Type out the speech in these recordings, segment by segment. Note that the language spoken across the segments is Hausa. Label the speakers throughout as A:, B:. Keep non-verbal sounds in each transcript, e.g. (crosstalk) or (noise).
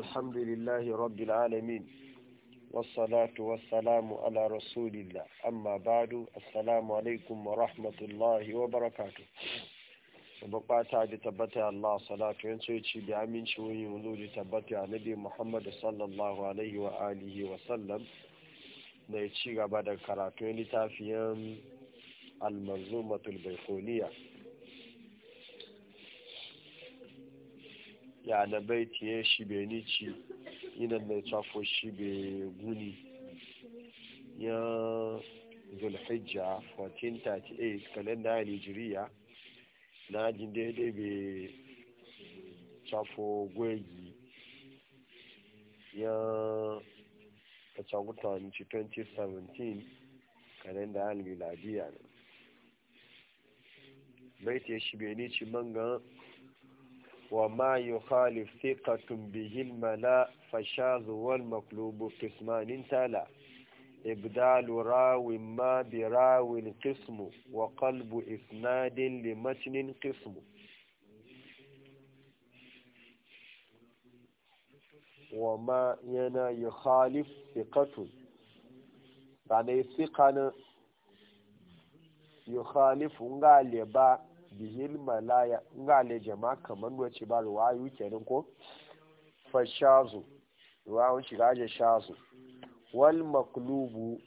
A: الحمد لله رب العالمين والصلاة والسلام على رسول الله أما بعد السلام عليكم ورحمة الله وبركاته bukata da tabbata Allah salatu yanzu ya ci da aminci wani wuluri tabbata a nabi Muhammadu sallallahu alaihi da ya ci gaba da karatu littafiyan almanzumatul baikoniya ya da bai tiye shi bai ni ci ina mai tsafo shi bai guni ya zulhijja 1438 kalenda ya nigeria na ajin daidai bai tsafo gwegi ya kacce mutane 2017 kalenda ya miladiya ne bai tiye shi bai ni ci mangan وما يخالف ثقة به الملا فشاذ والمقلوب قسمان تالا إبدال راو ما براو قسم وقلب إسناد لمتن قسم وما ينا يخالف ثقة يعني ثقة يخالف غالبا bihil malaya nga le jama kamar wace ba ruwayu kenan ko fa shazu ruwayun shiga je shazu wal maqlubu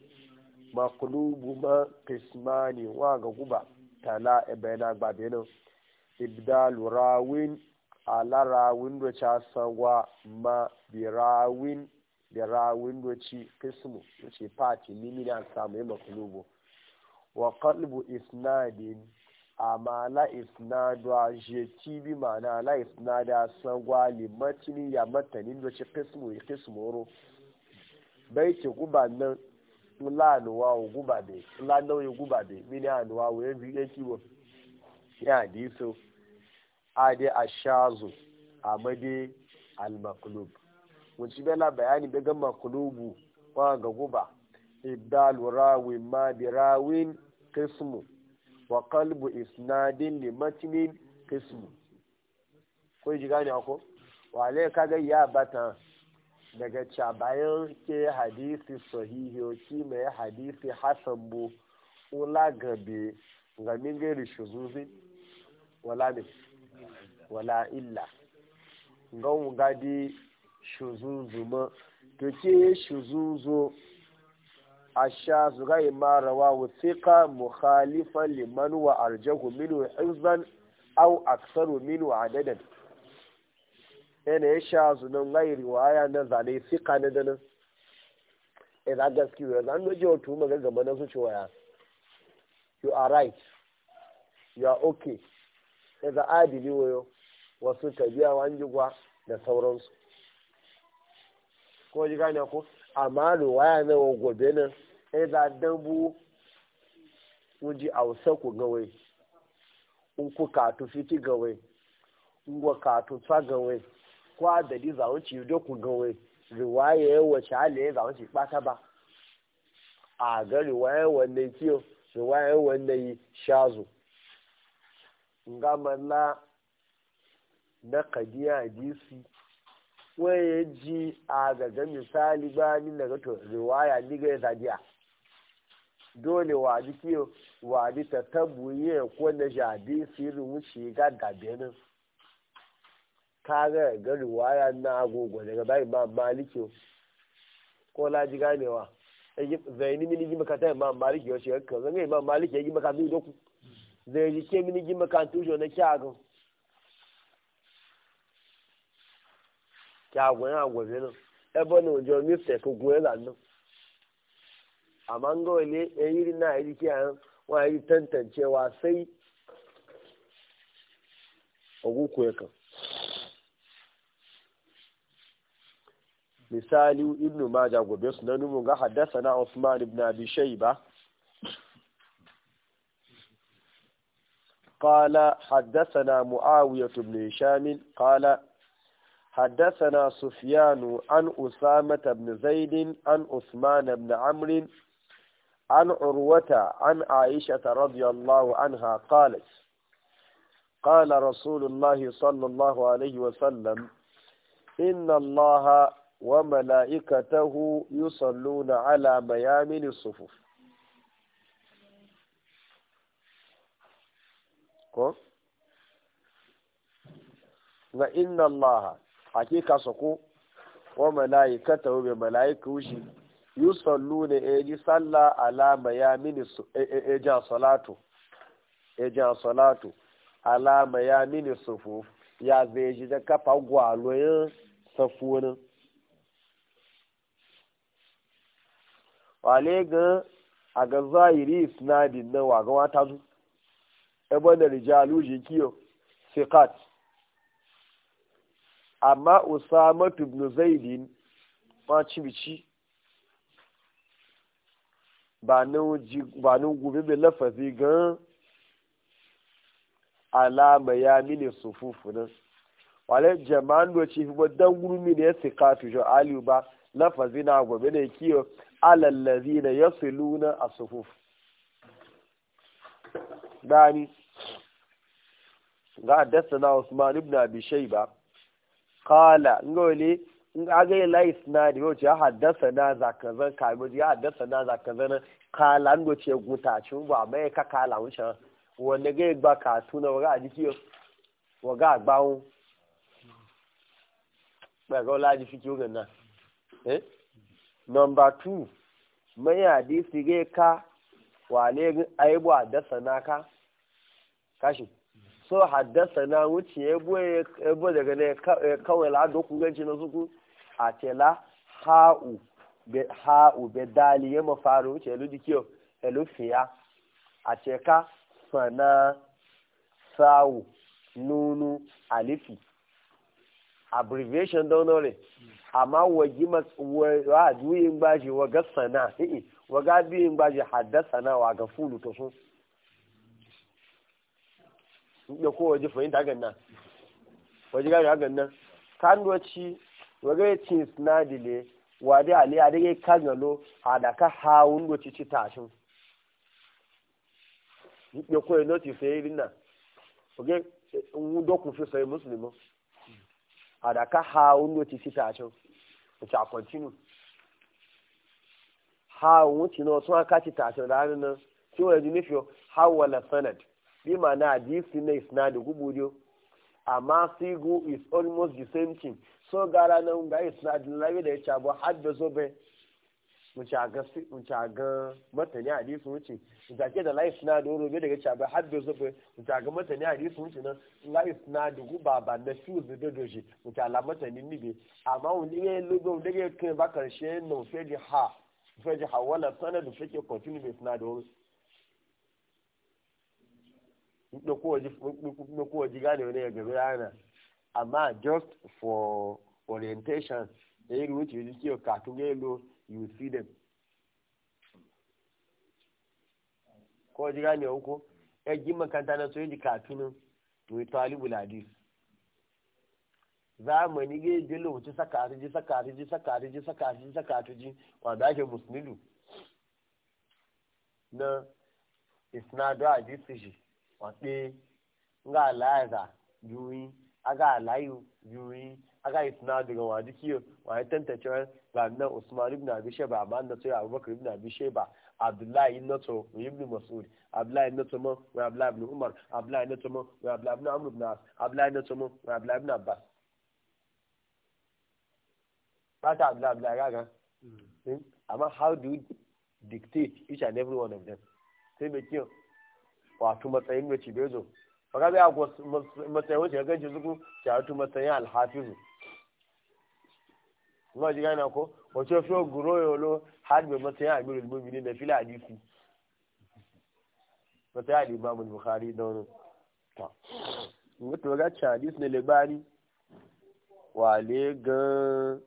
A: maqlubu ma qismani wa ga guba tala e bayna gba benin ibdalu rawin ala rawin do cha sawa ma bi rawin bi rawin do ci qismu do pati limina samu maklubu wa qalbu isnadin amma la isnadu ajeti bi ma'ana da isnada sangwa limatini ya matani da ci kismu ya kismoro bai ce guba nan lanuwa wa guba be lanuwa ya guba be mini anuwa wa e ya biyu yaki wa ya a ade a amade almaklub mun ci bela bayani daga maklubu wa ga guba ibdal rawin ma bi rawin kismu wa kalbu isnadin limatinin kismu ko ji gane ako wale kaga ya bata daga cabayan ke hadisi sahihi ki mai hadisi hasan bu ula gabe ga min shuzuzi wala ne wala illa ngan gadi ma to ke shuzuzu asha su gai ma rawa wuthika mukhalifan liman wa arjahu minhu hizban aw aktsaru minhu adadan yana ya sha su nan gai riwaya na zane sika na dana e gaskiya zan doje wato maga gaba na su cewa you are right you okay e za adili wayo wasu tabiya wanjigwa da sauransu ko ji ko amma riwaya na gobe nan ɗaya za dambu ji a wasa ku gawai in ku katu fiti gawai in ku katu fa gawai ko adadi za wuce yudo ku gawai riwaye ya hali ya za wuce ɓata ba a ga riwaye yi kiyo riwaye yi shazo nga malla na kadiya hadisi ya ji a gaga misali ba ni daga to riwaya ni ga ya dole wa ji kiyo wa ji ta tabuye ko na jadi sirri wuce ga dabe nan kaga ga riwaya na agogo daga bayi ma maliki ko la ji ganewa zai ni mini gima kata ma maliki yau shi ka zanga ma maliki ya gima kanta doku zai ji ke mini gima kanta ujo na kyagun kyagun ya gobe nan ebe na ojo mista ko gwe lan nan amma ga wale ya yi na a jiki a wa yi tantancewa sai aguku ya kan misali ibnu maja gobe su na numu ga haddasa na osman ibn abishai ba قال حدثنا معاوية بن هشام قال حدثنا سفيان عن أسامة بن زيد عن أثمان بن عمرو عن عروة عن عائشة رضي الله عنها قالت قال رسول الله صلى الله عليه وسلم إن الله وملائكته يصلون على ميامن الصفوف وإن الله حقيقة سكو وملائكته بملائكه شيء yusallu ne e ji e, e, salla ala mayamini eja e, salatu eja salatu ala mayamini sufu ya zai da kafa gwaloyin safunin wale ga a ga zahiri isnadin na wa ga wata zu ebe da rijalu jikiyo sikat amma usama ibn zaidin ma cibici ba nan gobe mai lafazi gan alama ya mini sufufu nan wale jama'an doci fi dan gurmi ne ya sika fi aliyu ba lafazi na gobe ne kiyo alallazi na ya siluna a sufufu gani ga adasta na usman ibn abishai ba qala ngole in ga ga la isnadi wa ya haddasa na zakazan zan ka mu ya haddasa na zakazan zan kala ndo ce guta mu ba mai ka kala wuce wanda ga ba ka tuna wa ga jiki wa ga gba wu ba ga la ji ki ga na eh number 2 mai hadisi ga ka wa wale aibu haddasa na ka kashi so haddasa na wuce ya buwe daga ne kawai la'adokun ganci na suku a tela ha'u be ha'u be dali ya mafaru wuce elu dikiyo elu fiya a teka sana sawu nunu alifi abbreviation don nore amma waji wa juyin gbaji wa ga sana wa ga biyin gbaji haddasa wa ga fulu to sun ya kowa fahimta hagan nan waje gari hagan nan kan doci wagai cin sinadi ne wade ale a dage kagalo a da ka hawun da ci tashin ya koyi noti sai yi na oge nwu dokun fi sai musulmi a da ka hawun da ci tashin ta continue hawun ci na tun aka ci tashin da hannun nan ciwon yanzu nufiyo hawala sanad bi ma na hadisi na isnadi gubudiyo amma sigo is almost the same thing so gara nan ga isnadin lawi da ya ci abu har da zobe mucagan matani hadisi wuce zake da laif na da robe daga cabe har da zuba mucagan matani hadisi wuce nan laif na da guba ba na su zuba doji mucala matani nibe amma wani ya yi lobe wani ya kai ba karshe na ofeji ha ofeji ha wala sanadu fake continue bai suna da wani ɗauko waje gane wani ya gaba yana amma just for orientation da yin wuce yanzu kiyo katun yalo you see them ko waje gane wa ko ya gi makanta na so yaji katunan to yi talibu ladis zamani ga yi jelo wuce sakariji sakariji sakariji sakariji sakariji wanda ake musnidu na isnadu a jisiji wafe nga alaza juyi aga alayu juyi aga isna daga wadi kiyo wani tantancewar ga nan usman ibn abi sheba amma na sai abubakar ibn abi sheba abdullahi ibn nato ibn mas'ud abdullahi ibn nato man wa abdullahi ibn umar abdullahi ibn nato man wa abdullahi ibn amr ibn as abdullahi ibn nato man abdullahi ibn abbas fata abdullahi abdullahi gaga amma hmm? how do you dictate each and every one of them sai me kiyo wato matsayin da bezo ba ka ga matsayin wacce ga ji zuku ta wato matsayin alhafizu kuma ji gane ko wato fi guro yolo har bai matsayin amirul mu'minin da fila hadisi matsayin al-imam al-bukhari da wani ta wato ga ci hadisi ne wa wale gan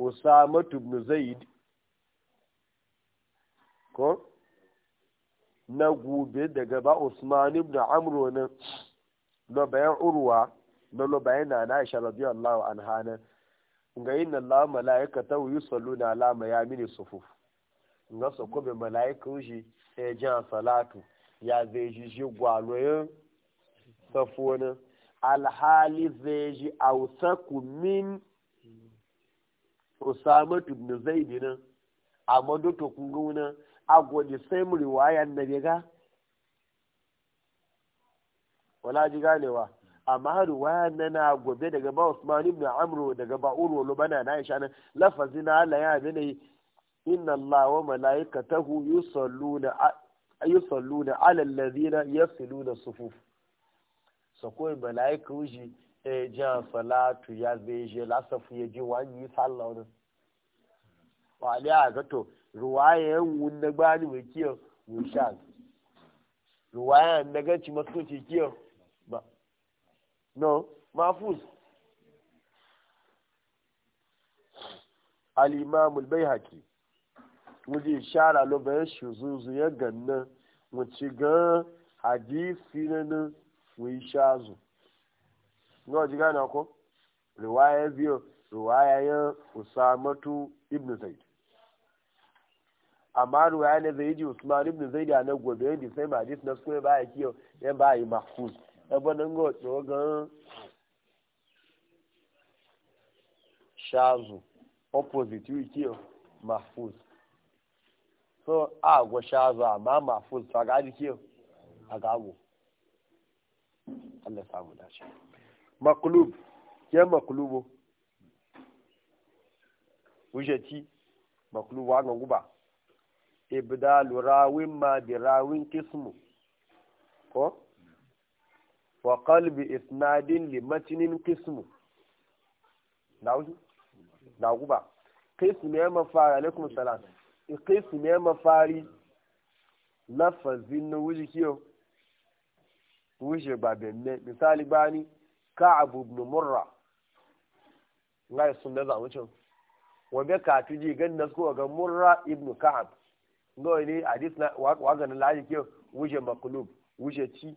A: Usama ibn Zaid ko na gobe daga ba Usman ibn Amr ne da bayan Urwa da lo bayan na Aisha radiyallahu anha ne ga inna Allah malaika ta yusalluna ala mayamini sufuf ga so ko be malaika uji e jan salatu ya zai ji ji gwaloyin safona alhali zai ji ausaku min Usama ibn Zaid ne Amadu to kungu agwadi sai mu riwaya na biga wala ji ganewa amma har riwaya na na gobe daga ba Usman ibn Amr daga ba Urwa lubana na Aisha nan lafazi na Allah ya bi ne inna Allah wa malaikatahu yusalluna yusalluna ala alladhina yasiluna sufuf ko malaika uji e ja salatu ya beje la safu ya ji wani sallah wa ali a ga ruwaya na gbani mai kiyo mushal ruwaya na ganci masoci kiyo ba no mafus Alimamul bai al-baihaqi wuje shara lo bayan shuzuzu ya ganna mu ci ga hadisi nan wi shazu ngo ji Na ko riwaya biyo riwaya ya usamatu ibnu zaid amma ruwaya na zai ji usman ibn zaidi na gobe yadda sai ma na suke ba ya kiyo yan ba yi mahfuz ɗaba nan ga wato gan shazu opposite yi kiyo mahfuz so a go shazu amma mahfuz ta ga ji kiyo a gago Allah samu dace maklub ke maklubo wujeti maklubo wa ga guba ibdalu rawin ma bi rawin kismu ko wa qalbi isnadin li matinin kismu dawu dawu ba kismu ya mafari alaikum salam kismu ya mafari lafazin na wuji kiyo wuce ba benne misali bani ka'abu ibn murra ngai sunna za wucin wa be ka tuji gan da suka ga murra ibn ka'ab ngo ni hadis na wa ga na laji ke wuje makulub wuje ci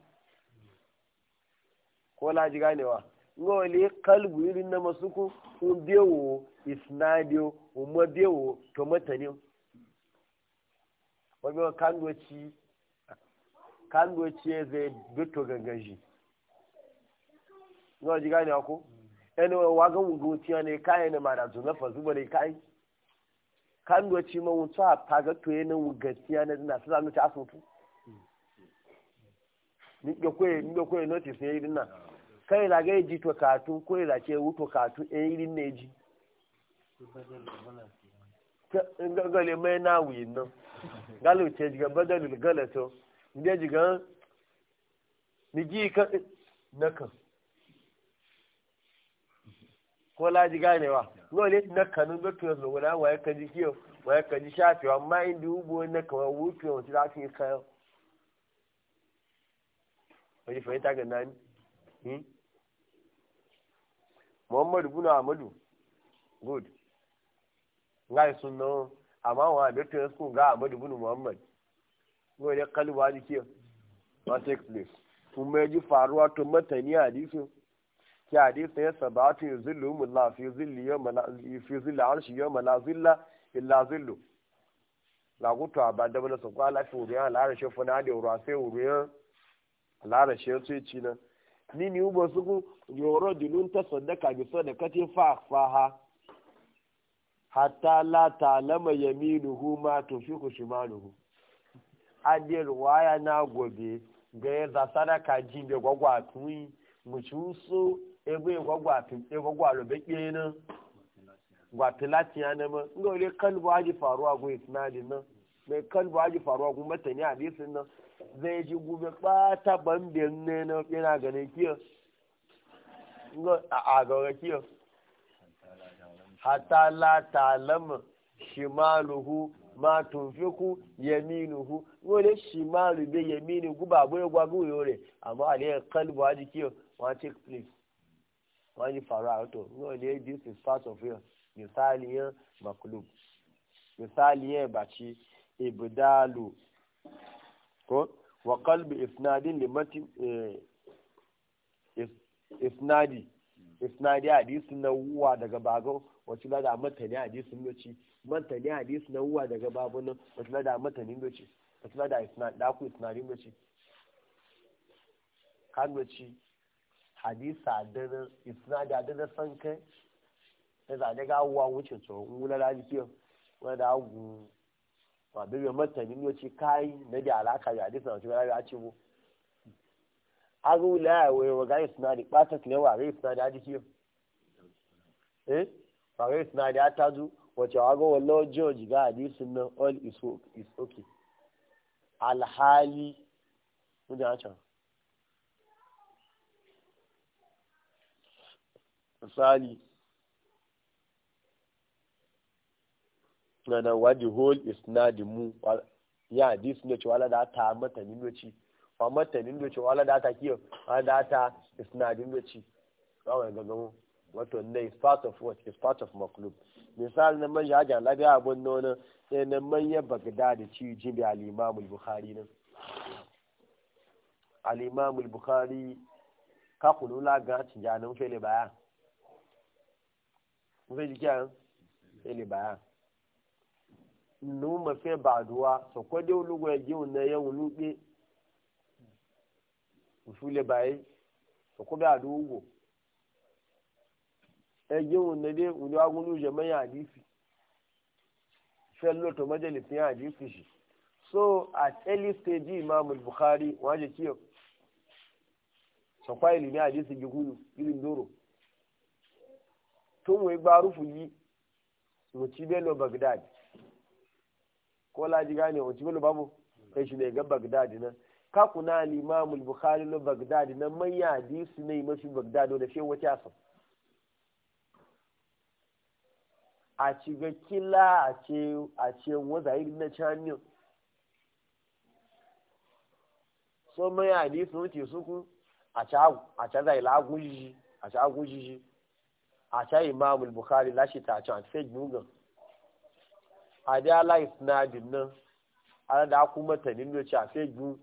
A: ko laji ganewa ngo ni kalbu irin na masuku un biyo isnadio ma biyo to matani wajen kangoci kangoci ya zai bito gangaji ngo ji ganewa ko ẹni mm. wa ga wugo tiya ne kayan na mara zunafa zuba ne kayan kan doci ma wuce a faga to na gaskiya na dina su zanu ci asusu ni ga koyi ni ga koyi notice ne la ga ji katu koyi la ce wuto katu e irin ne ji ga ga mai na wi no galu ce ga badalul to inde ji ga ni ji ka ko laji ganewa dole na kanun da tuyo zo wala waya ka ji kiyo waya ka ji shafi wa in bi ubo na ka wa wuce wa za ka yi kayo wani fahimta ga nani hmm? muhammadu buna amadu good ngai sunno amma wa da tuyo sun ga amadu bunu muhammad kalu kalwa ji kiyo what take place kuma ya ji faruwa to matani hadisin ki hadisi ya sabatu yuzilluhumullah fi zilli yawma fi zilli arshi yawma la zilla illa zillu la gutu abada bala su kwala fi uriya la arshi funa da ura sai uriya la arshi ya ce ci na ni ni ubo su ku yoro dilun ta sadaka bi sadakati fa faha hatta la talama yaminuhu ma tufiku shimaluhu adiyar waya na gobe ga ya za sadaka jin da gwagwa tuni mu ci so ebe gwagwa lobekpe na gwa pilati ya na ma nga ole kalbu aji faruwa gu isnadi na mai kalbu aji faruwa gu matani hadisin na zai ji gube kpata bambin nne na yana ganin kiyo a a gaura kiyo hatta la talama shimaluhu ma tunfiku yaminuhu ngole shimalu be yamini guba boye gwa gu yore amma ale kalbu aji kiyo wa take place wọ́n yí fara àtò náà this is part of your misali maklub misali bàtí ibùdálù ko wakalbi isnadi limati eh, isnadi isnadi hadisi na wuwa daga bagon wacce lada matani hadisin doci matani hadisi na wuwa daga babunan wacce lada matani doci wacce lada da isnadi doci kan doci hadisa dana isnada dana san kai da zane ga wa wuce to wula da jike wala da agu wa da mata matanin yau ce kai na da alaka da hadisa wace ga ya ce mu agu la wai wa ga isnadi bata ne wa ga isnadi da jike eh wa ga isnadi ta zu wace wa ga wallo george ga hadisin nan all is okay alhali mun da can misali na wadi hole is na di mu ya di sun da cewa da ta matanin doci wa matanin doci wala da ta kiyo wala da ta is na di doci kawai ga gamo wato ne is part of what is part of club misali na manja ajiyar labiya abun nona sai na manya bagada da ci jibi a imam bukari nan al-imam al-bukhari ka kulula ga tijanin fele baya fẹ́ di kí à ń lè bàyà. nù mọ̀fẹ́ bàdùwà sọ̀kọ́dé ológun ẹ̀jẹ̀ òun náà yẹ̀wò ló gbé òfin lè bàyà sọ̀kọ́dé àdúgbò wò ẹ̀jẹ̀ òun náà dé òun ló wágún lóṣẹ̀ mẹ́yìn àdìsí fẹ́ lọ́tọ̀ mọ́jẹ̀lẹ̀ fi hàn àdìsí sí. so at early stage imam bukhari wọ́n á jẹ́ kí ọ sọ̀kọ́ ìlú ní àdìsí jùkúlù ìlú ndóró. tun wai gbarufu yi wuci bello bagdad ko laji gane wuci bello babu kai shi ne ga bagdad na kaku na limamul bukhari lo bagdad na mai ya hadisi ne mafi bagdad da shi wace asa a ci ga kila a ce a ce waza irin na chaniyo so mai hadisi wuce suku a ca zai lagun shi a ca agun shi a ta imamul bukari lashi ta can ta fi gugun a da alayis na dinnan a da aku mata nino ci a fi gugun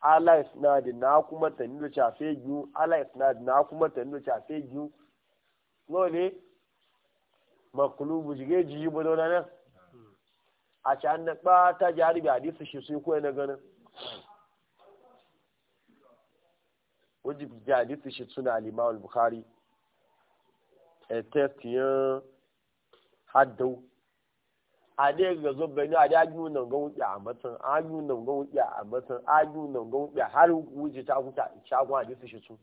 A: alayis na dinnan aku mata nino ci a fi gugun alayis na dinnan aku mata nino ci a fi gugun no ne makulubu jige jiji bu dauna nan a ci na ba ta jaribi a disa shi sun kuwa na ganin wajibi jaribi shi suna limawul bukari a test yan haddau a ga zo bai ne a dai ajiyu ga wuce a matan ajiyu nan ga wuce a matan ajiyu nan ga wuce har wuce ta kuta shagon hadisi shi sun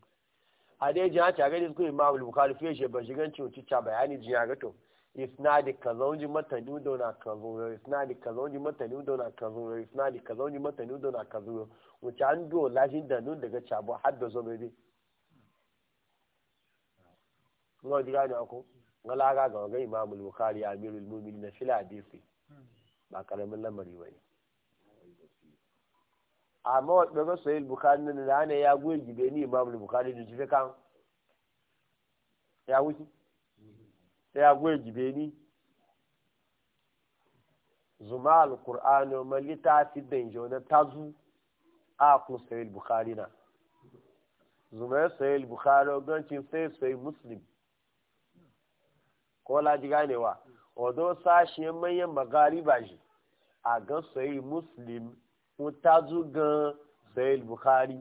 A: a dai jiya ta gani suka imam al-bukhari fiye shi ban shigan ciwo cicca bayani jiya ga to isnadi kaza wani matani da na kazo isnadi kaza wani matani da na isnadi kaza wani matani da na kazo wuce an do lashin da nun daga cabo har da zo bai nga ji gani ako nga laga ga ga imamul bukhari amirul mu'minin na fil hadisi ba karamin lamari bane amma wa ga Sayyid bukhari nan da ne ya goyi gibe ni imamul bukhari da jife kan ya wuce ya goyi gibe ni zuma wa ma littafi danjo na tazu a kun Sayyid bukhari na zuma Sayyid bukhari gancin sai Sayyid muslim ko laji ganewa odo sashe manyan ba shi a ga sayi muslim mutazu ga sayi bukhari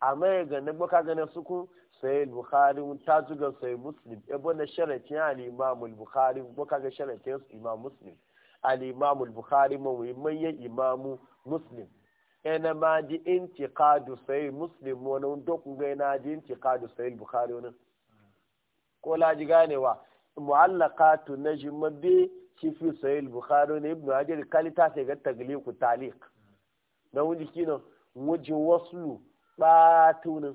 A: amma ya ga na baka ga na suku sayi bukhari mutazu ga sayi muslim e bo na sharatin al-imamul bukhari ka ga su imam muslim al-imamul bukhari manyan imamu muslim Ina e ma ji intiqadu sayi muslim wani dokun ga yana ji intiqadu sayi bukhari wani ko laji ganewa mu'allaqatu najm mabbi shi fi sahih bukhari ne ibnu hajar kalita sai ga tagliqu taliq da wuji kino wuji waslu batun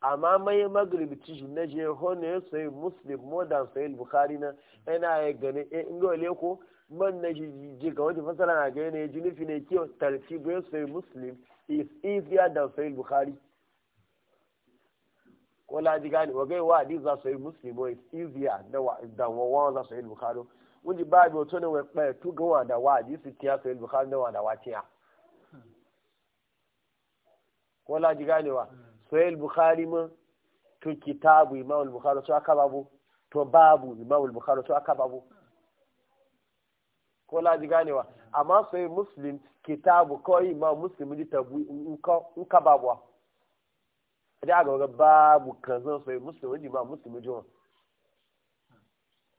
A: amma mai magrib ci shi na je hone sai muslim modan sahih bukhari na yana ya gane eh, in dole ko man na ji ga wani fasala na ga ne ji nufi ne kiyo tartibu sai muslim is easier than sahih bukhari ko ladi gani wa gai wa hadith za su yi muslim it's easier than wa wa za su yi bukhari wani ba bi wato ne wa tu ga wa da wa hadith tiya su yi bukhari da wa da wa tiya ko ladi gani wa sahih bukhari mu? to kitabu imam al-bukhari to aka babu to babu imam al-bukhari to aka babu ko ladi gani wa amma sahih muslim kitabu ko imam muslim ji tabu in ka babu a ga ga babu kazan sai muslim wani ma muslim jiwa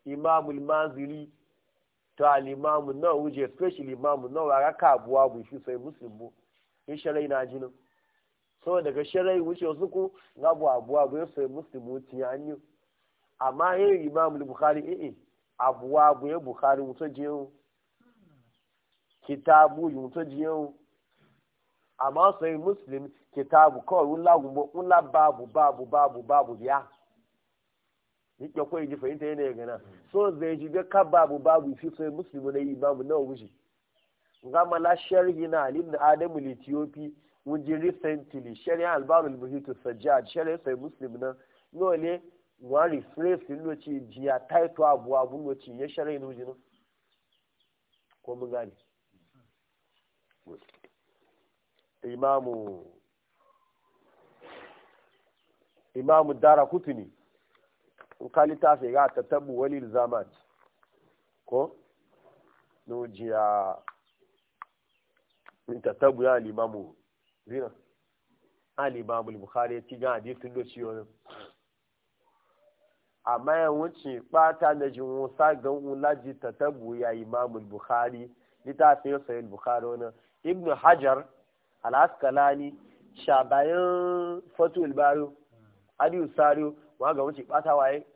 A: imamul maziri to alimamu na wuje especially imamu na wara ka abuwa bu shi sai muslim in sharai na jinin so daga sharai wuce wasu ku ga bu abuwa bu sai muslim bu tiya an yi amma yin eh, imamul bukhari eh, eh abuwa bu ya bukhari mutu jiyan kitabu yi mutu jiyan amma sai muslim kitabu kawai wula gumbo babu babu babu babu biya yake kawai yi fahimta yana ya gana so zai ji ga ka babu babu fi sai muslim na imamu na wuce nga mala sharhi na alim na adamu litiyofi wuji recently shari'a albarul muhitu sajjad shari'a sai muslim na nole wa rephrase din lokaci jiya taito abu abu lokaci ya shari'a ne wuji ko mun gane imamu imamu dara kutini in ka littafi ga ta tabu wani zamat ko nujiya in ta tabu ya limamu zina alimamu bukhari ya ci gan hadisin da ciwo amma yan wuce bata na jin wusa ga ulaji ta tabu ya imamu bukhari littafin sayin bukhari wani ibnu hajar al'askalani shabayin fatu ilbaro adi usari wa ga wuce bata waye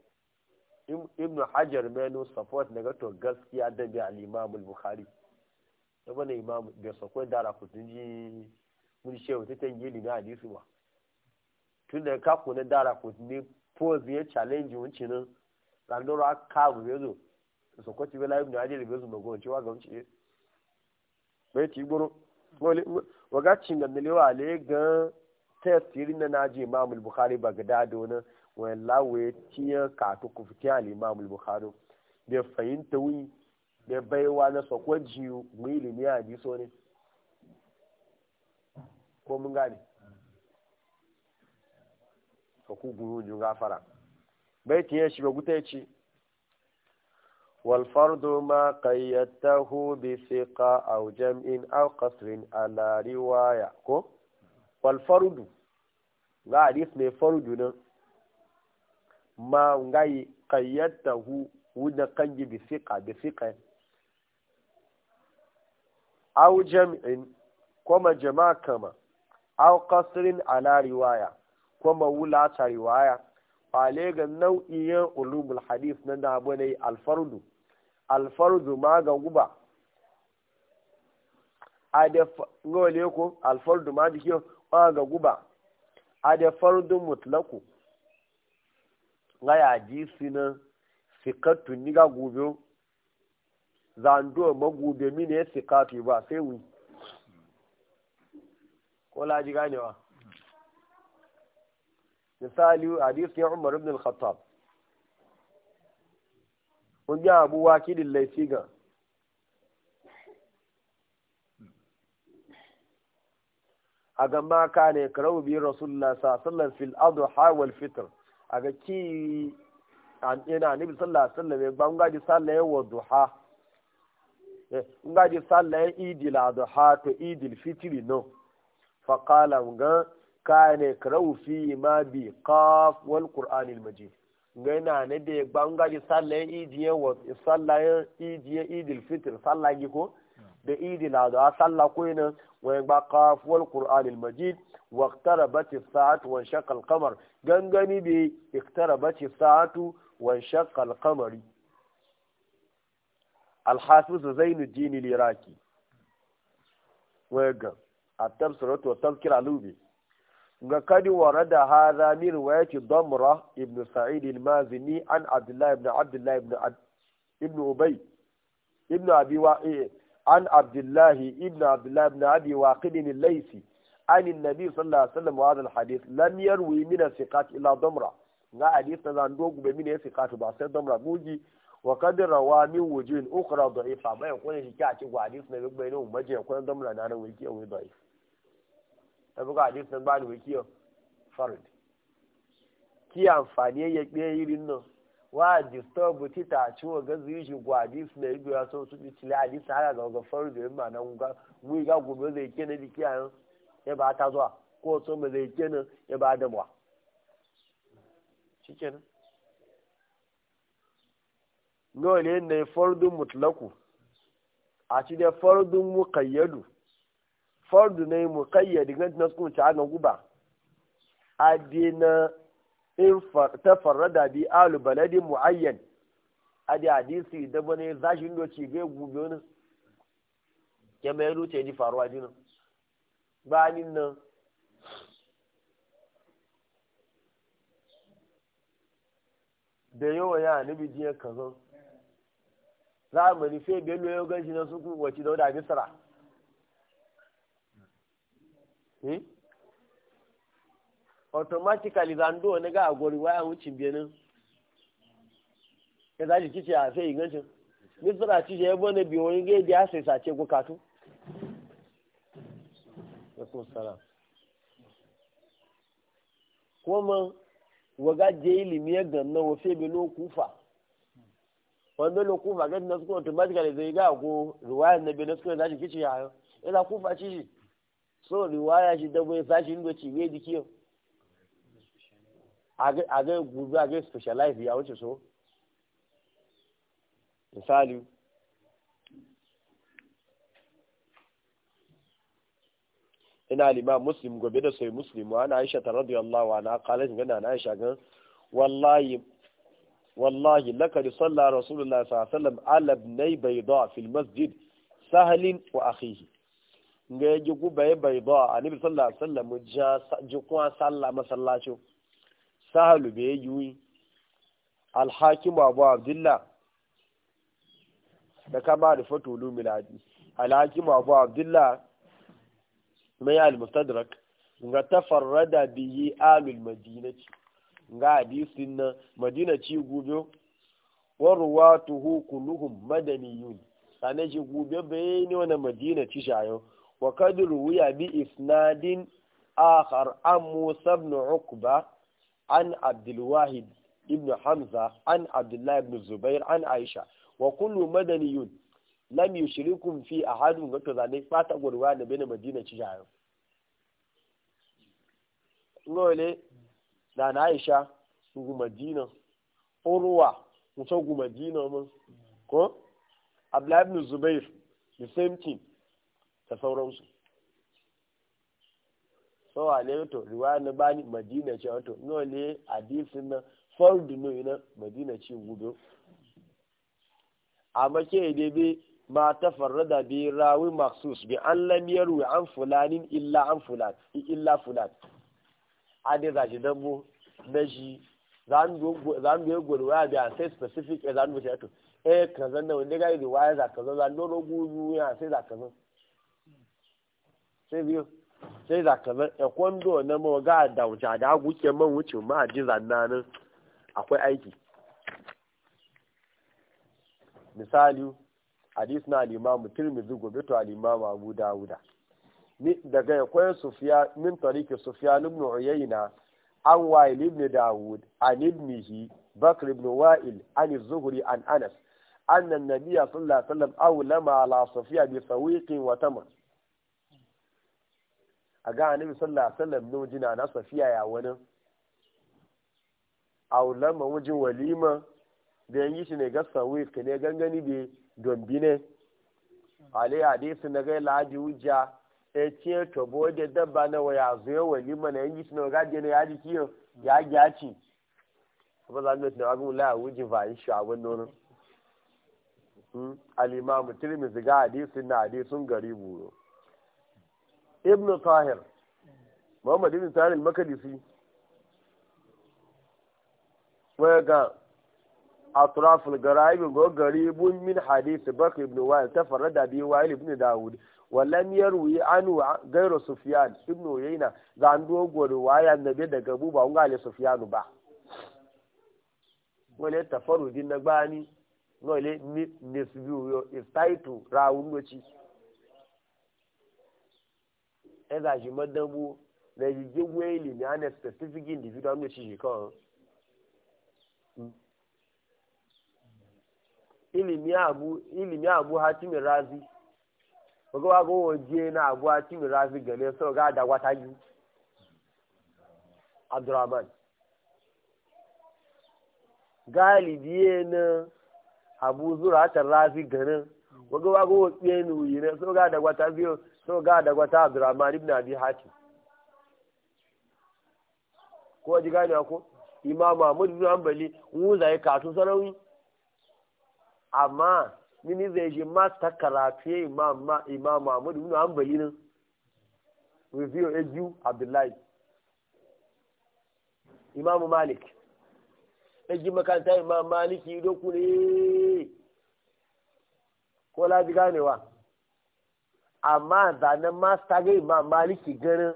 A: ibn hajar menu support na to gaskiya da bi al-imam al-bukhari da bane da dara ji mun ta tangi ni na hadisi ba tun da ka kuna dara ne pose ya challenge wuce nan randoro aka bu yazo ibn hajar ga wuce bai ti waga cin gamiliwa le gan test yiri na naji imamul bukhari ba ga dado na wani lawe tiya ka kato ku fiti al imamul bukhari da fahimta wi da baiwa na sakwa jiyo mu ilimi a diso ne ko mun gane sakku guru ju gafara bai tiya shi ba guta ya ce والفرد ما قيدته بثقة أو جمع أو قصر على رواية كو والفرد لا اسم فرد ما غاي قيدته ودا كنجي بثقة بثقة أو جمع كما جمع كما أو قصر على رواية كما ولا رواية قال لك نوعية علوم الحديث ننا بني الفرد alfardu ma ga guba a da ngole ko alfardu ma jikin ma ga guba a da fardu mutlaku nga ya ji sina sikatu ni gube gobe zando ma gobe mini sikatu ba sai wi ko laji ganewa hmm. misali hadisi ya umar ibn al-khattab kun ji abu wakilin laifi ga a gama ka ne karau biyu rasulullah sa sallan fil adu hawal fitr a ga ki ina nabi sallallahu alaihi wasallam ba ngaji sallaye wa duha eh, ngaji sallaye idil duha to idil fitri no fa qala ka ne karau fi ma bi qaf wal qur'anil majid gana na da ya bangare sallayen idiyen wa sallayen idiyen idil fitr sallah ko da idil adha sallah ko ina wa yagba qaf wal qur'an al majid wa iqtarabat as sa'atu wa shaqa al qamar gangani bi iqtarabat as sa'atu wa shaqa al qamari al hafiz zainuddin al iraqi wa yaga at tafsiratu wa tazkira lubi ga kadi warada hadha min riwayati damra ibn sa'id al-mazini an abdullah ibn abdullah ibn ibn ubay ibn abi wa'i an abdullah ibn abdullah ibn abi waqid al-laysi an an-nabi sallallahu alayhi wasallam wa hadha al-hadith lam yarwi min as-siqat illa damra ga hadith da ndogu be min as-siqat ba sai damra guji wa qad rawa min wujuhin ukhra da'ifa bai kun shi kya ci hadith na gbe ne umma je kun damra na nan wiki wai da'if ta buga hadis nan ba ni kiyo fard. ki amfani ya gbe irin nan wa disturb ta ci wa ga zuyi shi gwa hadis na ido ya so su bi tile hadis har ga ga fard da ma nan ga mu ga gobe zai ke na biki ayan ya ba ta zuwa ko so mu zai ke ne ya ba da mu shikenan no ne ne fardun mutlaku a ci da fardun muqayyadu fardu ne mu kayyadi ganti na sukun ta na guba adina in tafarrada bi alu baladi muayyan adi hadisi da bane zashi ndo ci ga gube wani ke mai ruce ji faruwa dina bayanin nan da yawa ya nabi jiya kazan zamani fe bello ya gaji na suku wace dauda bisra Hmm? automatically zando wani ga a gori wucin benin ya zaji kice a sai ingancin misra ci ya yabo na biyo yin gaidi ya sai sace ku katu kuma waga je ilimi ya ganna wa febe lo kufa wanda lo kufa na suka automatically zai ga ko ruwayan na benin zaji ya yau ya kufa ci shi so riwaya shi dabo ya sashi inda ci bai jiki a ga gudu, a ga specialize ya wuce so misali ina lima muslim gobe da sai muslim wa na aisha ta radiyallahu anha qalat gana na aisha gan wallahi wallahi laqad sallar rasulullah sallallahu alaihi wasallam ala ibn bayda fil masjid sahalin wa akhihi nga ya ji gubaye bai ba a nabi sallallahu alaihi wasallam ji kuma sallah masallacin sahalu bai yi yi alhakim abu abdullah da kama da fatolu miladi alhakim abu abdullah mai al-mustadrak nga tafarrada yi alul madinaci nga hadisin na madinaci ci gobe wa ruwatuhu kulluhum madaniyun sane ji gobe bai ne wani madinaci shayo وقد روي بإسناد آخر عن موسى بن عقبة عن عبد الواحد بن حمزة عن عبد الله بن الزبير عن عائشة وكل مدني لم يشركم في أحد من قلت ذلك فاتقوا رواية بين مدينة جاهل ngole da na Aisha su Madina Urwa mutu Madina mun ko Abdullah ibn Zubair the same thing da sauransu sawa ne to riwaya na bani madina ce wato no ne hadisin na fardu no ina madina ce gudu a make dai bai ma farrada bi rawi maksus bi an lamiyar yarwi an fulanin illa an fulan illa fulan ade za shi na shi zan biyo gwada waya biya sai specific ya to eh kazan na wanda ga yi riwaya za kazan zan dono gudu ya za sai biyu sai da kazan ekwando na mawa ga da wuce da guke man wuce ma a ji zannanin akwai aiki misali hadis na alimamu tirmidhi gobe to alimamu abu dawuda daga ekwai sufiya min tariki sufiya ibn uyayna an wa'il ibn dawud an ibnihi bakr ibn wa'il an zuhri an anas anna an-nabiy sallallahu alaihi wasallam awlama ala sufiya bi sawiqin wa tamr a ga annabi sallallahu alaihi wasallam no jina na safiya ya wani aulama wujin walima da yan yi shi ne ga sawif ka ne gangani bi dombi ne ale hadisi na ga laji wujja e ce to bode dabba na waya zuwa walima na yan yi shi na ga ne ya ji kiyo ya gyaci ba za mu tuna ga la wujin fa in sha abun nono hmm? al-imam tirmidhi ga hadisi na hadisun garibu Ibnu tahir muhammad ibn tahir makadisi waya ga atraful garaibi go garibun min hadisi bakr ibn wa'il tafarrada bi wa'il ibn daud wa lam yarwi anhu ghayru sufyan ibn uyayna ga ando go riwaya nabi daga bu ba ungale sufyan ba wale tafarrudin nagbani wale nisbiyo is title rawun wachi ẹ̀dá ṣì mọ́ dánwó lẹ́yìn jẹ́ wẹ́ẹ̀lì ní àná specific individual ní oṣù kan. ilimi abu hatimi razi ogo wa na abu hatimi razi gane so ga adagwata wata ju abdurrahman galibi na abu zura ta razi gane ogo wa go na uyi na so ga adagwata biyu. so ga da wata abdurrahman ibn abi hatim ko ji gane ko imam mahmud ibn hanbali mu zai kasu sarawi amma mini zai ji ma ta karatu imam ma imam mahmud ibn hanbali nan review eju abdullahi imam malik eji makanta imam maliki dokure ko la ji ganewa amma zanen masta ga ma maliki ganin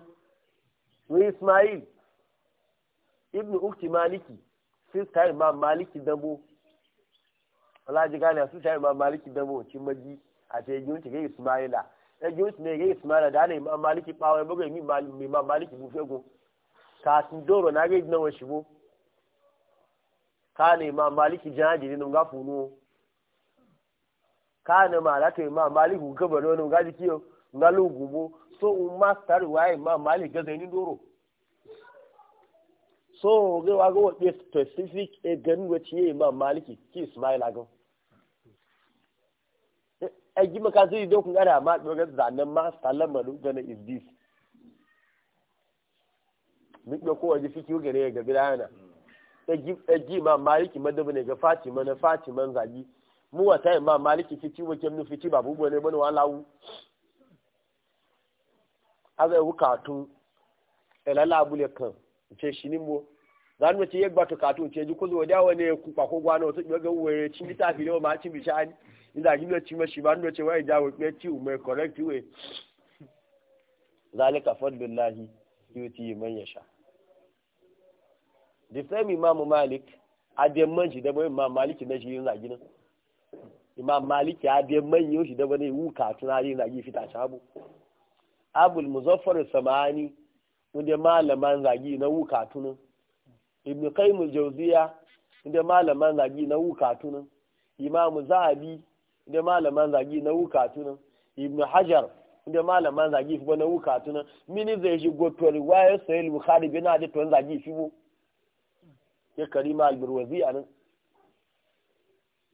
A: wa ismail ibn ukti maliki sista imam maliki dambo alhaji gane sista imam maliki dambo cin maji a ta yi wuce ga ismaila ya yi wuce ne ga ismaila da ana imam maliki bawa ya bugai imam maliki bufe gun kafin doro na yi na wa shigo ka ne imam maliki jana ne nun gafu nuwo kana ma la te malik mali ku ka gaji kiyo so un master wai ma mali ga zai ni so ga wa go be specific e gan wace ma maliki ki ismail ago a ji maka zai dokun gara ma dogar zanen ma salama dukkan is this duk da kowa ji fiki gare ga bidana a ji e ma maliki madabu ne ga fatima na fatima zagi mu wata imam maliki fiti wake mu fiti ba bubu ne bane walawu aga wu katun elala abule kan ce shi ni mo zan mu ce yegba to katun ce ji kuzo da wane ku pa ko gwana to ga were cin ta fi lewa ma cin bi shani inda gi no cin ma shi ba no ce wai da wo pe ti u me correct we zalika fadlullahi yuti man yasha the same imam malik ademman shi da bai imam malik na shi yin zaginan imam malik ya biya manyan shi da wani wuka tunari na gifi ta shabu abul muzaffar samani inda malaman zagi na wuka tunan ibn qayyim jawziya inda malaman zagi na wuka tunan imam zahabi inda malaman zagi na wuka tunan ibn hajar inda malaman zagi fi na wuka tunan mini zai shi gotori wayar sayil bukhari bin hadith tun zagi fi bu ya karima al-burwazi anan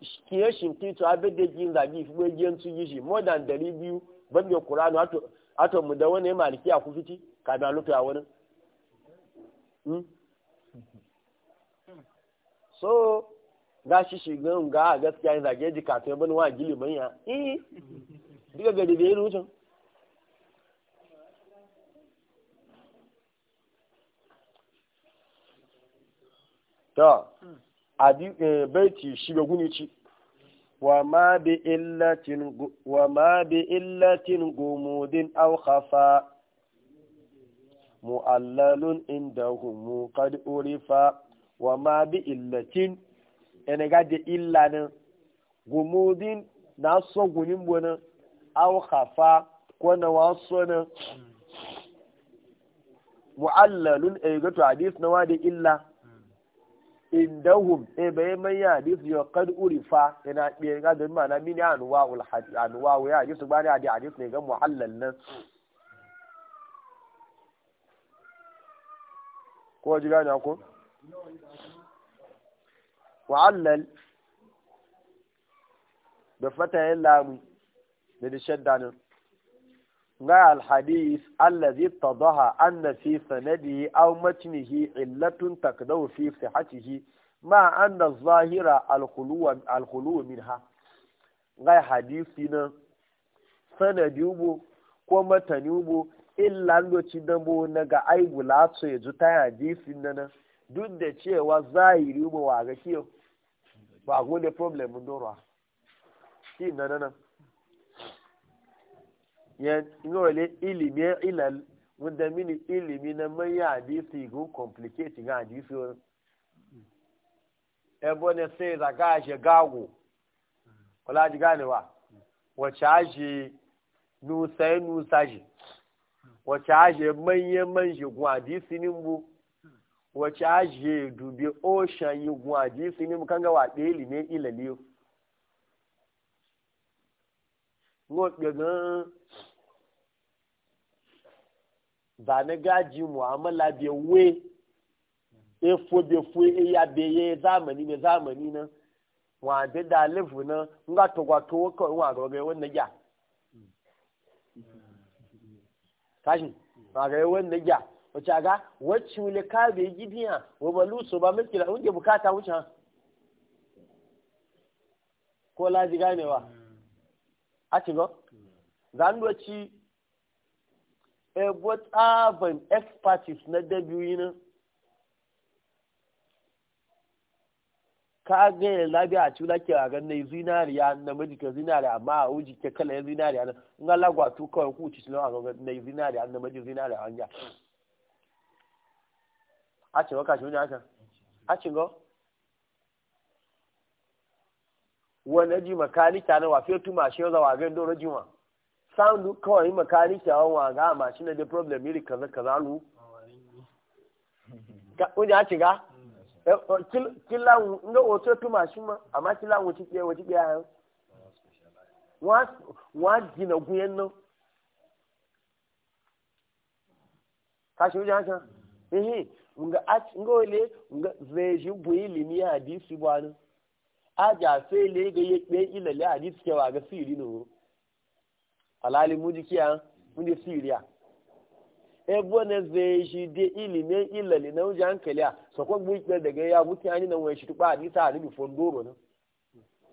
A: kiye shimkito abin da yin zagi fi bai giyan sun yi shi more than the biyu ba da kuranu ato mu da wani maliki a fiti ka da lutu a wani hmm? so ga shi gan ga a gaskiya yin zage ji kafin bani wa gili manya eh diga gari da ya rutun to E, baiti shi ga guni ci wa ma bi illatin gomodin au khafa inda indahum kadi orifa wa ma bi illatin ene ga de illa gumudin na so gunin bonan au khafa ko na waso na mu'allalun allalun e, ga gato hadis na wa de illa indahum e eh, bai man ya hadisi yo kad urifa ina biye ga da mana mini anwa ul hadith anwa ya hadisi ba ne hadisi ne ga muhallal nan ko ji gani ko muhallan da fata ya lamu da da shaddanin na alhadis allazi tadaha anna fi sanadihi aw matnihi illatun takdaw fi sihhatihi ma ana zahira alkhulu alkhulu minha ga hadisi na sanadi ubo ko matani ubo illa loci dambo na ga aibu latso ya ju ta hadisi na duk da cewa zahiri ubo wa ga kiyo ba gode problem a shi na nan yẹn ngọle ilimi ilal wanda mini ilimi na manya hadisi gun complicate ga hadisi wani ebo ne sai zaga ashe gago kula ji ganewa wace ashe nusa ya e nusa shi wace ashe manyan manje gun hadisi nin bu wace ashe dubi ocean yi gun hadisi nin bu kan gawa ɗaya ilimi ilaliyo ngo ɗaga ba na gaji mu'amala bai we efo bai fo eya e bai ye zamani ne zamani na wa da dalifu na nga to gwa to ko wa ga ga wannan ja kashi ba ga wannan ja wace ga wacce wule ka bai gidiya wa balu so ba miki da unge bukata wuce ko laji ganewa hmm. a ci go zan duwaci ebo tsaban expertise na dabiyu na ka gaya labiya a cikin ke a ganin zinariya na majika zinariya amma a wuji ke kala ya zinariya na nga lagwatu kawai ku ci sinawa ga na zinariya na majika zinariya hanya a ce waka shi wani aka a ce ga wani kani makalita na wafe tu mashi yau zawa gani don rajima sound kawai makaniki a wa ga ma shi ne da problem iri kaza kaza lu wani ya shiga eh, oh, kilan nga oto tu mashin ma amma kilan wuci ke wuci ke ayo wa wa gina guyen nan ka shi wuce haka ehe nga ach nga ole nga zeji bu hadisi bwanu aja sai le ga yekbe ilale hadisi ke wa ga siri no alali muji kiya muji siriya ebo ne zai shi de ilimi ilali na wuce hankali a sako gbukpe daga ya wuce ani na wani shi tukpa a nisa a nibi fondoro na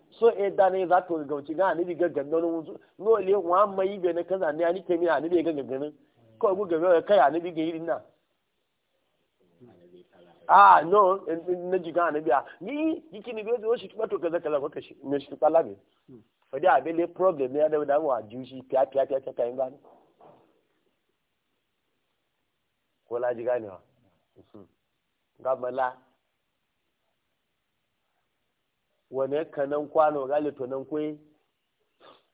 A: so e da ne za to gauci ga anibi gaggangan wuzu no le wa mai be ne kaza ne ani kemi anibi gaggangan ko gu gabe kai bi ga irin na ah no na jiga anibi a ni kikini be zo shi tukpa to kaza kaza ko kashi ne shi tukpa labe wadda abin ne problem ne da damu a jushi fiya fiya fiya ta kayan gani ko laji ganewa gamala wane kanan kwano gali to nan kwe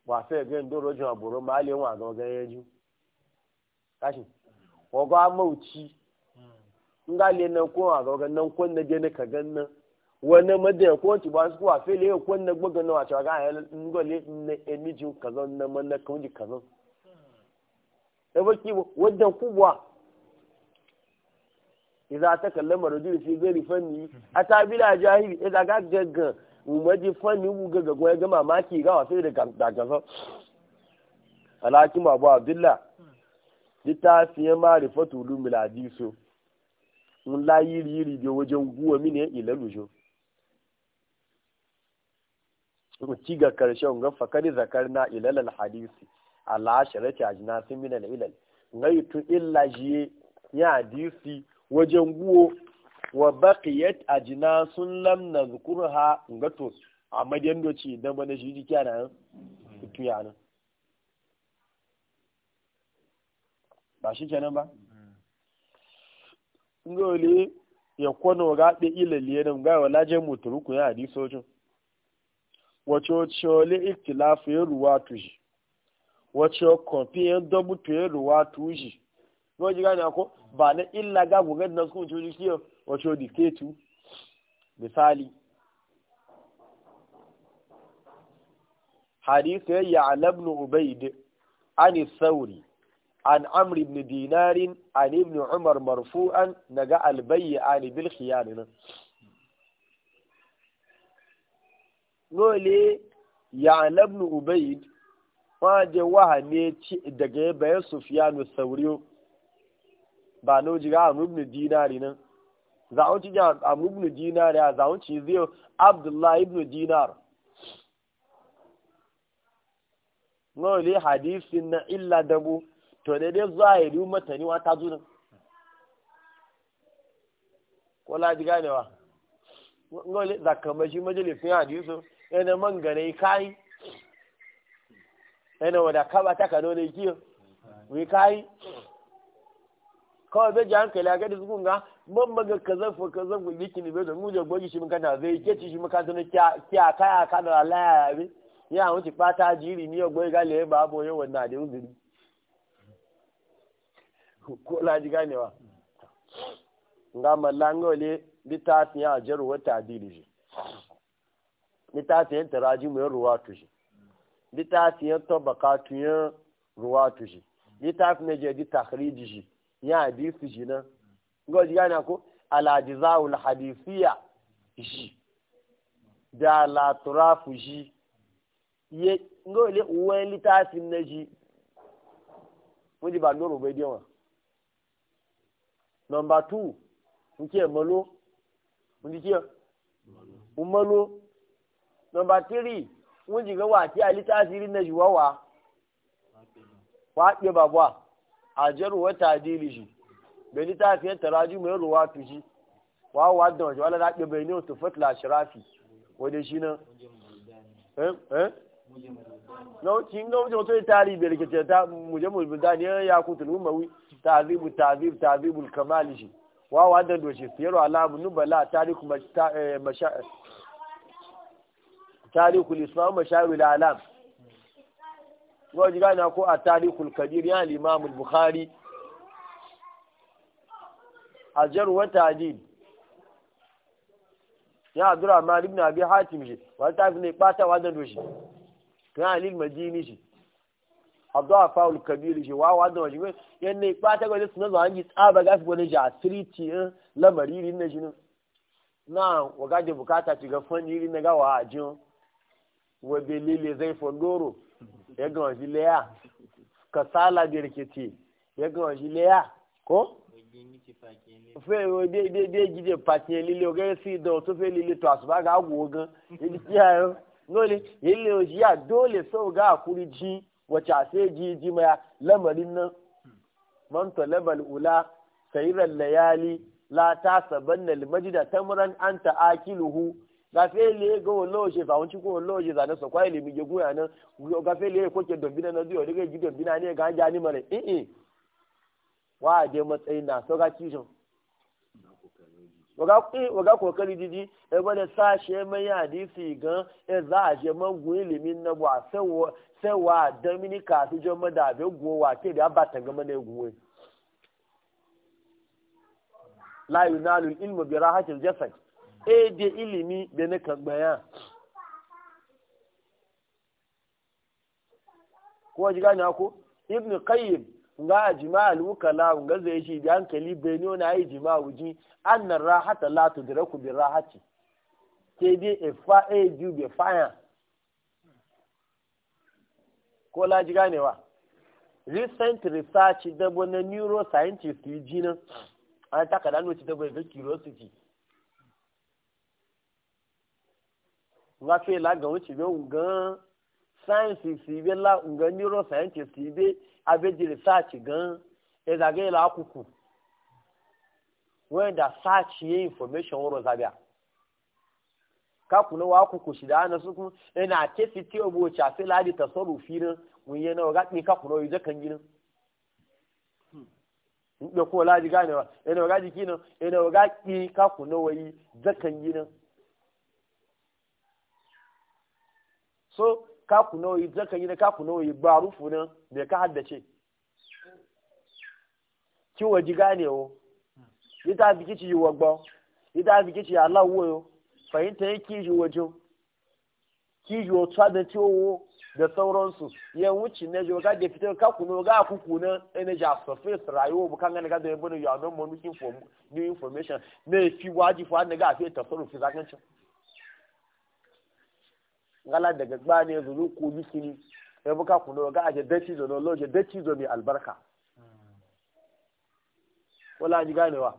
A: wa fe gan doro jin aburo ma le wa gan gan yeju kashi ogo amauci ngali nan na wa gan nan ko na je ne ka gan nan wani madiyan ko wanci ba su kuwa fele yau ko na gbaga na wacewa ga ayyar ngole na emijin kazan na manna kawai kazan da baki wadda kubuwa idan ta kalla marajin fi zai fanni a ta bila jahili idan ga gaggan umarji fanni mu gaggan ya ga mamaki ga wasu da gaggasan alhakim abu abdullah littafiyan marifatu lumiladiso ńlá yìí rí rí bí owó wajen guwa mí ní ilẹ̀ lóṣù ci ga karshen ga fakari na ilal hadisi ala sharati ajna sun min al ngai tu illa jiye ya hadisi wajen guwo wa baqiyat ajna sun lam nazkurha to amma dan doci dan bana shi jikiya nan tuya nan ba shi kenan mm. ba ngole ya kwano ga be ilal yenan ga wala je muturuku ya hadisi wajen wacce wale iktilafu ya ruwa tuji wacce kofi ya dabutu ya ruwa tuji ba ji gani ako ba na illa ga gugad na su wacce wacce wacce misali hadisi ya alabnu ubaid an sauri an amri ibn dinarin an ibn umar marfu'an naga albayya ani bil khiyarin nole ya nabnu ubaid waje wahane daga ya bayan sufiyanu sauriyo ba na wuce ga amurubnu dinari nan zaunci ga amurubnu dinari a wuci zai abdullahi ibn dinar nole hadisin na illa dabu to da dai za zahiri matani wata zunan ko laji ganewa nole zakamashi majalisun hadisun yana man gane kai yana wada kaba ta kano ne kiyo wi kai kawai bai ji hankali a gadi sukun ga man maga ka zafa ka zafa liki ne bai zangu da gogi shi makana zai ke ci shi makana na kiya kaya ka da laya ya bi ya wuce fata jiri ni ya goyi gale ya babo yawan na da uzuri ko laji ganewa nga mallangole litafiya jaru wata dili littafiyan tarajimuyan ruwa tushe littafiyan tabakatuyan ruwa tushe littafin na jadi takhriji shi ya hadisi ji nan ga ji gane ko alajizawul hadisiya ji da laturafu ji ye ngo le uwe littafin na shi wọ́n ti bá lóru bẹ́ẹ̀ díẹ̀ wọn. nọmba two nkí ẹ̀ mọ́ló nkí ẹ̀ mọ́ló. Number three, mun ji jiga wati a litasirin na juwawa, waɗe babuwa, a jaruwa ta dili shi, bai litafiyar taraju mai ruwa tu shi, wawa da wajen wala daɗe bai ne wata fatla shirafi, wadda shi nan. Eh? Eh? Na kin ga wajen wata tari bai rikice ta muje mu bida ne ya kuta kutul umawi tazibu tazib tazibul kamali shi, wawa da doshe siyarwa alamu nubala tarihi masha'a tarihul islam mashawil alam wa ji gane ko a tarihul kabir ya al-imam al-bukhari ajar wa tadid ya abdurrahman ibn abi hatim shi wa ta fi ne bata wa dan doshi kan alil madini shi abdurrahman faul kabir shi wa wa dan wajibi yan ne bata ga sunan zuwa ji tsaba ga su gona ja triti lamari rin na jinin na wa gaje bukata ci ga fani rin na gawa a wabe lele zai fondoro ya ga wajen leya kasala da rikici ya ga wajen leya ko? fe dai gije fatiye lile ga si da wasu fe lile to asuba ga agwo gan ili kiyayo dole yille oji ya dole sau ga akuri ji wace a sai ji ji maya lamarin nan manta lebal ula sayiran layali la ta sabanna limajida tamran anta akiluhu gafe le ga wallo she fa wanci ko wallo she zane so kwai le mi je guya nan gafe le ko ke dombina na duyo daga ji dombina ne ga ja ni mare eh eh wa de matsayi na so ga kishin waga eh waga kokari didi e bane sa she mai hadisi gan e za a je man gun ilimin na ba sewa sewa dominica su je mada be gowa ke da ba ta gama ne guwe la yunalu ilmu bi rahatil jasad e de ilimi da na kagbaya ko ji gane ko ibn qayyim nga jima'al wukala nga zai shi da hankali bene na yi jima wuji annar rahata la tudraku bi rahati ke dai e fa e ju be fire ko la ji wa recent research da na neuroscientist yi jinan an taka da ci da bai ga curiosity nga fe la gan ci be gan science si be la nga neuro science si be abe di research gan e da la kuku when da search ye information woro zabia ka kuna wa kuku shi da na suku ina e ke fiti obo cha fe la di tasarufi ne mun ye na ga ka kuna yi zakan ginin hmm. in ko la di ganewa ina ga jikinin ina e e ga ki ka kuna wayi zakan ginin so ka ku nawa yi zaka yi na ka ku nawa yi ba rufu nan da ka haddace ki waji gane o yi ta fi kici yi wagba yi ta fi kici Allah wo yo fahimta yi ki ji wajo ki ji wata da ti owo da sauransu yan wuce na jo ga da fitar ka ku nawa ga ku ku nan ina ja surface rayuwa bu kan gane ga da yabo ya don mo nukin for new information ne fi waji fa ne ga fi tasarrufi zakancin ngala daga gba ne zuru ku bikini ya buka kuno ga aje dati zo lo je dati zo mi albarka wala ji gane wa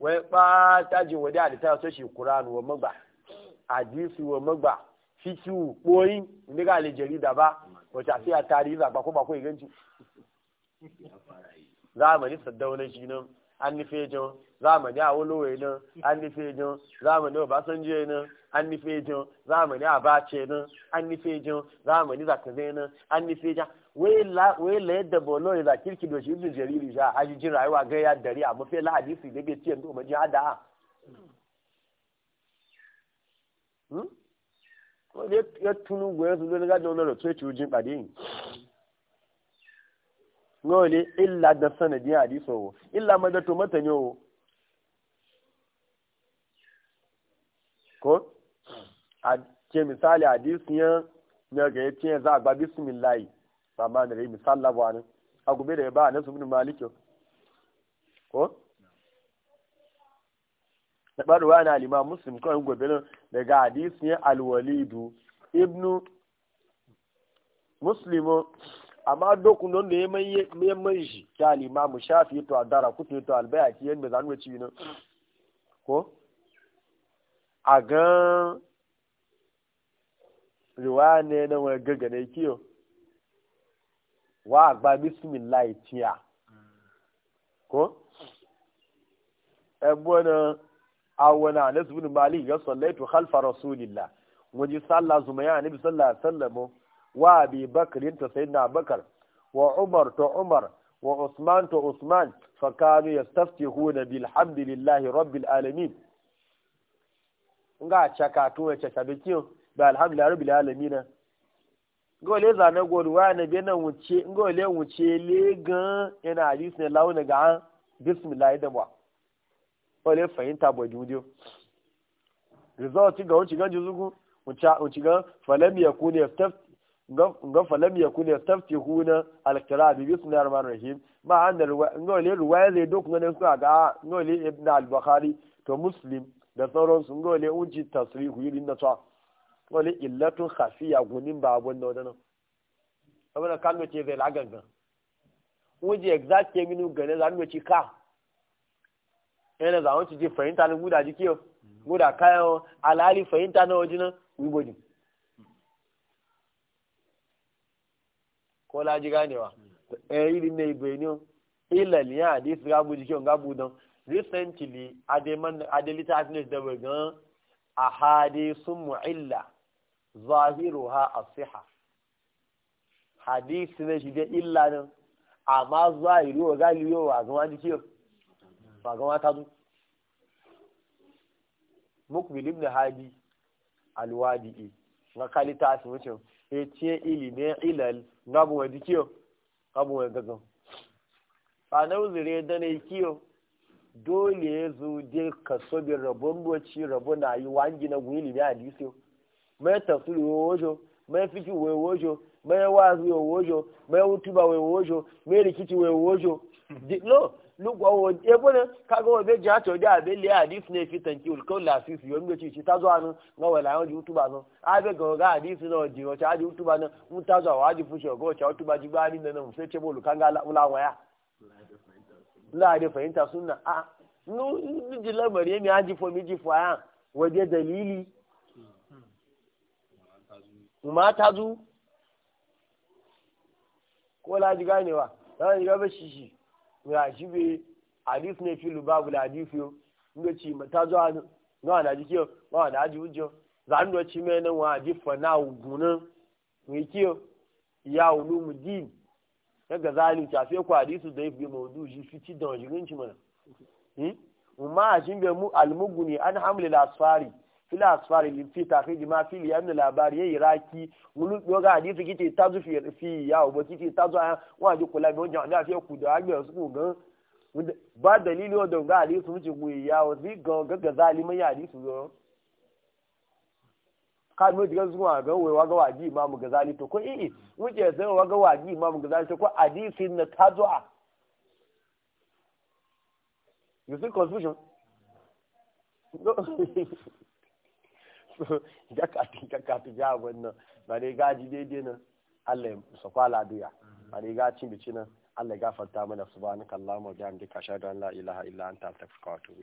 A: wai ba ta ji wadi a ta so shi qur'an wa magba hadisi wa magba fikiu boyin Ni ga le jarida ba wata sai a tarihi ba ko ba ko iganci zamani saddauna shi nan an nufe jan zamani a wani nan an nufe jan zamani ba san je nan an nufe jin zamani a bace nan an nufe jin zamani za ka zai nan an nufe jan wai la yadda bolo ya za kirki doshi ibn jariri sha aji jin rayuwa ga ya dari a mafi la hadisi da bai ciyan domin jin hada hmm? wani ya tunu goyon su zai gada wani rotso ya ci wujin ɓade yin ne illa da sanadin hadisowo illa madato mata ne ko ce misali hadisiyan ya ga ce za a gba bismillah ma da rai misal ne a gobe da ya ba a nasu bin malikin ko da ɓarwa na alima muslim kawai gobe nan daga ya alwalidu ibnu muslimu amma dokun don da ya mai shi ta mu shafi to adara kutu to albaya ki yadda zanuwa ci na ko a gan riwane ne na wani na kiyo wa gba bismillah tiya ko na ebona awana anas ibn malik ya sallaitu khalfa rasulillah ji sallah zumaya annabi sallah alaihi wasallam wa abi bakr ta na bakar wa umar to umar wa usman to usman fa kanu yastaftihuna bilhamdillahi rabbil alamin nga chaka to chaka bikin da alhamdulillah rabbil alamin ngo ole za na goru wa na bi na wuce ngo le wuce le gan ina hadisi ne launa ga bismillah da ba ko le fahimta ba jujo result ga wuce gan juzugu wuce wuce gan falam yakun yaftaf ga falam yakun yaftafihuna alqira bi bismillahir rahmanir rahim ma an ngo le ruwaya zai dok ne suka ga ngo ole ibn al-bukhari to muslim da sauransu ole le tasiri tasrihu yidin da tsawa wani illatun khafiya gunin ba abun da wadannan abin da kan ce zai lagangan wuje exact ke minu gane za ci ka yana za mu ci fahimta na guda jiki jikiyo guda kayan alali fahimta na waje nan wibodi ko laji ganewa eh iri ne ibrahim ilal ya hadis gabu jikiyo gabu don recently ademan adelita afnes da wagan ahadisun mu'illa zahiruha siha hadisi na shi dai illa nan amma zahiru wa galiyo wa zama jiki ba gama ta zu mukbil ibn hadi alwadi'i na kalita su wucin ya ce ilimin ilal gabu wa jiki gabu wa gazan ba na uzure da na kiyo dole ya zo dai kaso bin rabon roci rabon na yi wangi na gwili ne hadisi yau mai tafsiri wojo mai fiki wojo mai wazi wojo mai utuba wojo mai rikici wojo no lukwa wo ebo ne kaga wo be jato de abe le hadith ne fi tanki ul ko la fifi yo mi chi ta zo anu nga wala yo di utuba no abe go ga hadith no di o cha di utuba no mu ta zo wa di fushi go cha utuba di ba ni ne mu se chebo lu kanga la ula wa ya la de fahimta sunna a nu di la mari mi aji fo mi ji fo ya waje dalili mata zu ko laji ganewa zan yi gaba shi shi ya shi be hadis ne filu babu la hadis yo inda ci mata zu a na na ji kiyo ba da ji ujo zan do ci me nan wa ji fa na ugunan mu kiyo ya ulumu din ga zali ta fe ku hadisu da ibi mawdu shi ci da wajirin ci mana hmm umma shi be mu almuguni an hamlil asfari fila asfari li fi takhid ma fili li labari yayi raki mulu yoga hadisi kiti tazu fi fi ya obo kiti tazu a wa ji kula bi onja da fi ku da agbe su gan ba dalili o don ga hadisi mu ci ku ya o zi gan gaga zalimi ya hadisi zo ka mu diga zuwa ga wai waga waji imam gazali to ko eh mu eh, ce sai waga waji imam gazali to ko hadisi na tazu a you see confusion (laughs)
B: (laughs)
A: da kafin ka kafin ya abin nan ba ne gaji daidai nan Allah ya kwala duya ba ne gacin bici nan Allah ya gafarta mana subhanakallahumma da ka ashhadu an la ilaha illa ta astaghfiruka wa atubu